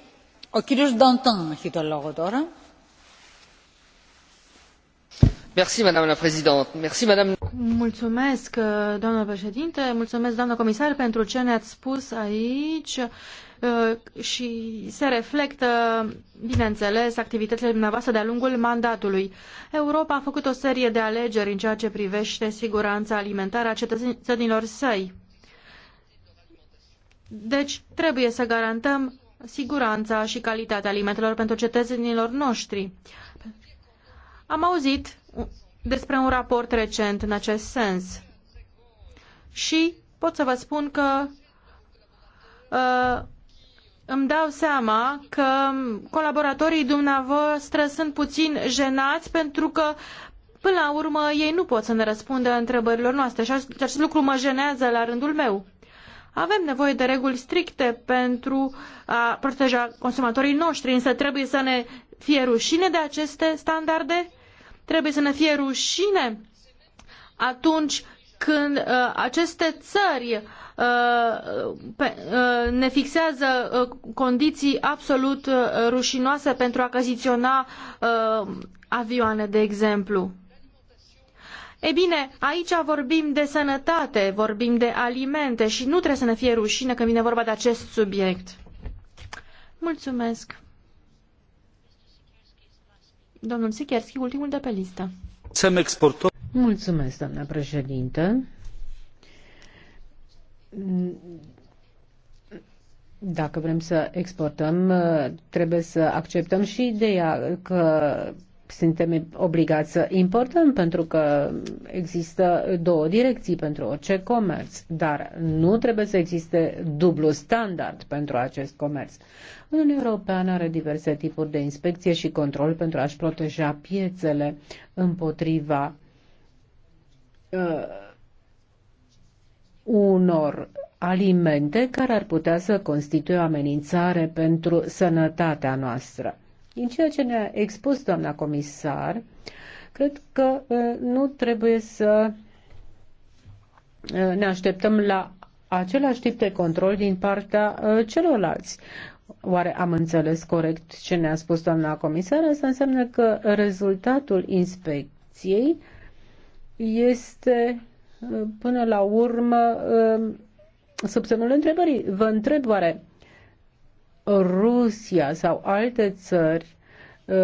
Mulțumesc, uh, doamnă președinte, mulțumesc, doamnă comisar, pentru ce ne-ați spus aici uh, și se reflectă, bineînțeles, activitățile dumneavoastră de-a lungul mandatului. Europa a făcut o serie de alegeri în ceea ce privește siguranța alimentară a cetățenilor săi. Deci trebuie să garantăm siguranța și calitatea alimentelor pentru cetățenilor noștri. Am auzit despre un raport recent în acest sens și pot să vă spun că uh, îmi dau seama că colaboratorii dumneavoastră sunt puțin jenați pentru că Până la urmă, ei nu pot să ne răspundă întrebărilor noastre, și acest lucru mă jenează la rândul meu. Avem nevoie de reguli stricte pentru a proteja consumatorii noștri, însă trebuie să ne fie rușine de aceste standarde, trebuie să ne fie rușine atunci când uh, aceste țări uh, pe, uh, ne fixează uh, condiții absolut uh, rușinoase pentru a achiziționa uh, avioane, de exemplu. Ei bine, aici vorbim de sănătate, vorbim de alimente și nu trebuie să ne fie rușine când vine vorba de acest subiect. Mulțumesc. Domnul Sikierski, ultimul de pe listă. Să exportăm. Mulțumesc, doamna președintă. Dacă vrem să exportăm, trebuie să acceptăm și ideea că suntem obligați să importăm pentru că există două direcții pentru orice comerț, dar nu trebuie să existe dublu standard pentru acest comerț. Uniunea Europeană are diverse tipuri de inspecție și control pentru a-și proteja piețele împotriva uh, unor alimente care ar putea să constituie o amenințare pentru sănătatea noastră. Din ceea ce ne-a expus doamna comisar, cred că uh, nu trebuie să uh, ne așteptăm la același tip de control din partea uh, celorlalți. Oare am înțeles corect ce ne-a spus doamna comisar? Asta înseamnă că rezultatul inspecției este până la urmă sub semnul întrebării. Vă întreb oare Rusia sau alte țări uh,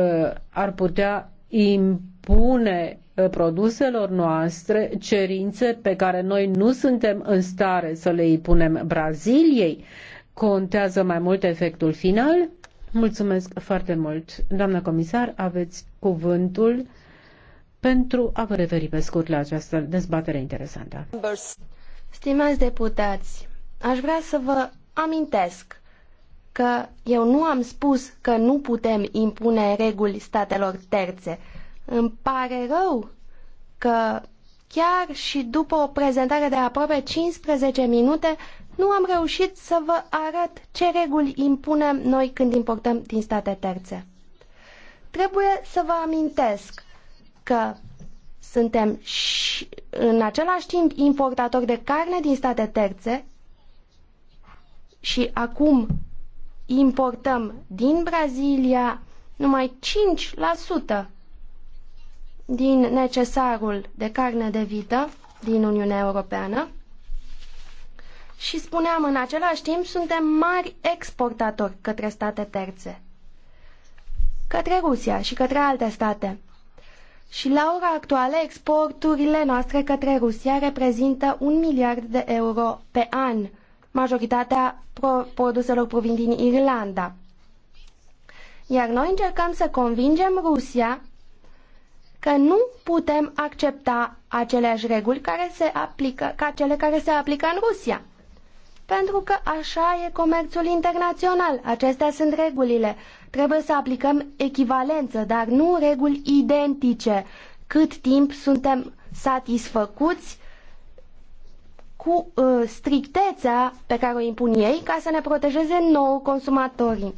ar putea impune uh, produselor noastre cerințe pe care noi nu suntem în stare să le impunem Braziliei, contează mai mult efectul final? Mulțumesc foarte mult. Doamna comisar, aveți cuvântul pentru a vă referi pe scurt la această dezbatere interesantă. Stimați deputați, aș vrea să vă amintesc că eu nu am spus că nu putem impune reguli statelor terțe. Îmi pare rău că chiar și după o prezentare de aproape 15 minute nu am reușit să vă arăt ce reguli impunem noi când importăm din state terțe. Trebuie să vă amintesc că suntem și în același timp importatori de carne din state terțe și acum importăm din Brazilia numai 5% din necesarul de carne de vită din Uniunea Europeană și spuneam în același timp suntem mari exportatori către state terțe, către Rusia și către alte state. Și la ora actuală exporturile noastre către Rusia reprezintă un miliard de euro pe an Majoritatea produselor provin din Irlanda. Iar noi încercăm să convingem Rusia că nu putem accepta aceleași reguli care se aplică, ca cele care se aplică în Rusia. Pentru că așa e comerțul internațional. Acestea sunt regulile. Trebuie să aplicăm echivalență, dar nu reguli identice. Cât timp suntem satisfăcuți cu uh, strictețea pe care o impun ei ca să ne protejeze nou consumatorii.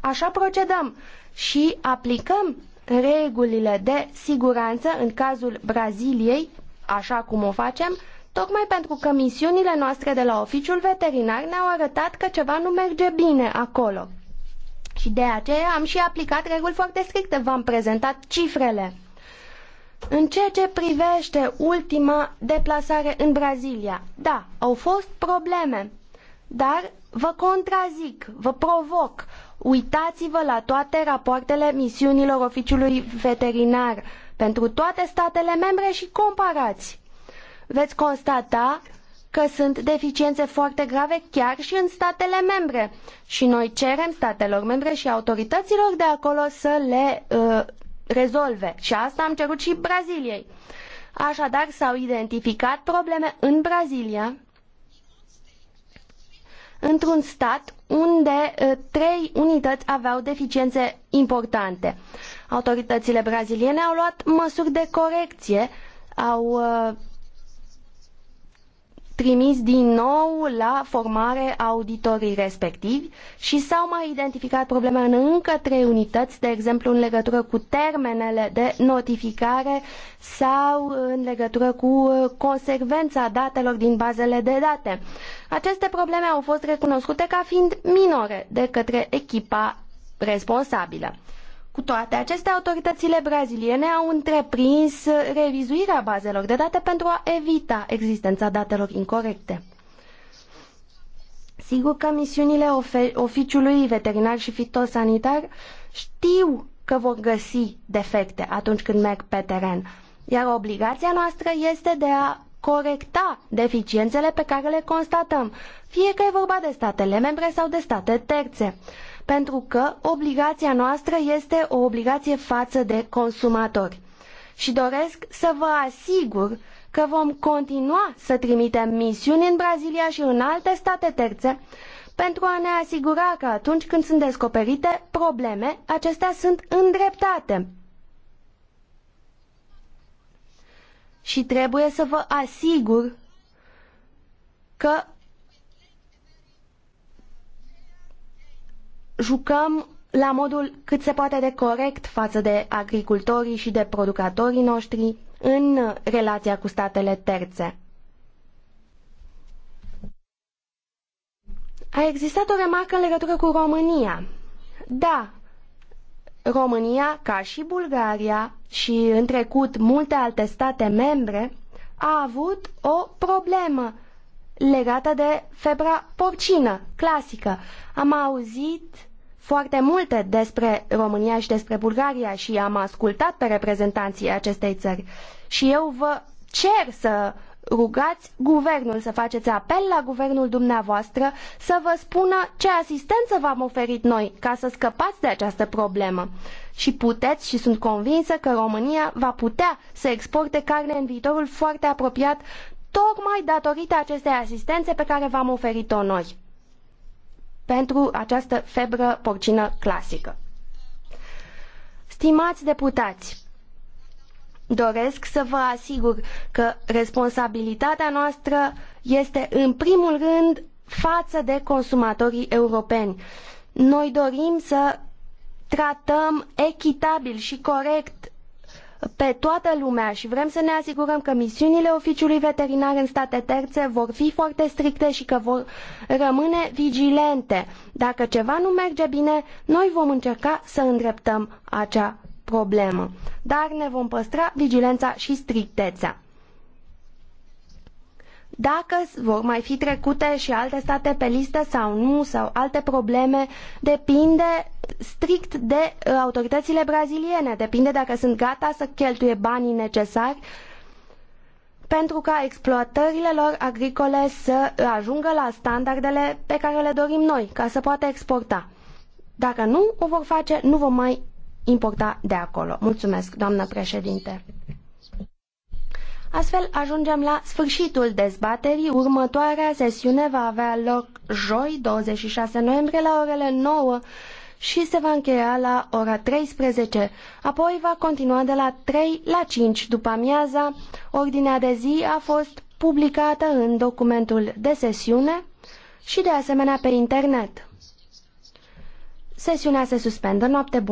Așa procedăm și aplicăm regulile de siguranță în cazul Braziliei, așa cum o facem, tocmai pentru că misiunile noastre de la oficiul veterinar ne-au arătat că ceva nu merge bine acolo. Și de aceea am și aplicat reguli foarte stricte, v-am prezentat cifrele. În ceea ce privește ultima deplasare în Brazilia, da, au fost probleme, dar vă contrazic, vă provoc. Uitați-vă la toate rapoartele misiunilor oficiului veterinar pentru toate statele membre și comparați. Veți constata că sunt deficiențe foarte grave chiar și în statele membre și noi cerem statelor membre și autorităților de acolo să le uh, rezolve. Și asta am cerut și Braziliei. Așadar, s-au identificat probleme în Brazilia, într-un stat unde trei unități aveau deficiențe importante. Autoritățile braziliene au luat măsuri de corecție, au trimis din nou la formare auditorii respectivi și s-au mai identificat probleme în încă trei unități, de exemplu în legătură cu termenele de notificare sau în legătură cu uh, consecvența datelor din bazele de date. Aceste probleme au fost recunoscute ca fiind minore de către echipa responsabilă. Cu toate acestea, autoritățile braziliene au întreprins revizuirea bazelor de date pentru a evita existența datelor incorrecte. Sigur că misiunile oficiului veterinar și fitosanitar știu că vor găsi defecte atunci când merg pe teren, iar obligația noastră este de a corecta deficiențele pe care le constatăm, fie că e vorba de statele membre sau de state terțe pentru că obligația noastră este o obligație față de consumatori. Și doresc să vă asigur că vom continua să trimitem misiuni în Brazilia și în alte state terțe pentru a ne asigura că atunci când sunt descoperite probleme, acestea sunt îndreptate. Și trebuie să vă asigur că jucăm la modul cât se poate de corect față de agricultorii și de producătorii noștri în relația cu statele terțe. A existat o remarcă în legătură cu România. Da, România, ca și Bulgaria și în trecut multe alte state membre, a avut o problemă legată de febra porcină clasică. Am auzit foarte multe despre România și despre Bulgaria și am ascultat pe reprezentanții acestei țări. Și eu vă cer să rugați guvernul, să faceți apel la guvernul dumneavoastră să vă spună ce asistență v-am oferit noi ca să scăpați de această problemă. Și puteți și sunt convinsă că România va putea să exporte carne în viitorul foarte apropiat tocmai datorită acestei asistențe pe care v-am oferit-o noi pentru această febră porcină clasică. Stimați deputați, doresc să vă asigur că responsabilitatea noastră este în primul rând față de consumatorii europeni. Noi dorim să tratăm echitabil și corect pe toată lumea și vrem să ne asigurăm că misiunile oficiului veterinar în state terțe vor fi foarte stricte și că vor rămâne vigilente. Dacă ceva nu merge bine, noi vom încerca să îndreptăm acea problemă, dar ne vom păstra vigilența și strictețea dacă vor mai fi trecute și alte state pe listă sau nu, sau alte probleme, depinde strict de uh, autoritățile braziliene, depinde dacă sunt gata să cheltuie banii necesari pentru ca exploatările lor agricole să uh, ajungă la standardele pe care le dorim noi, ca să poată exporta. Dacă nu o vor face, nu vom mai importa de acolo. Mulțumesc, doamnă președinte. Astfel ajungem la sfârșitul dezbaterii. Următoarea sesiune va avea loc joi, 26 noiembrie, la orele 9 și se va încheia la ora 13. Apoi va continua de la 3 la 5 după amiaza. Ordinea de zi a fost publicată în documentul de sesiune și de asemenea pe internet. Sesiunea se suspendă. Noapte bună!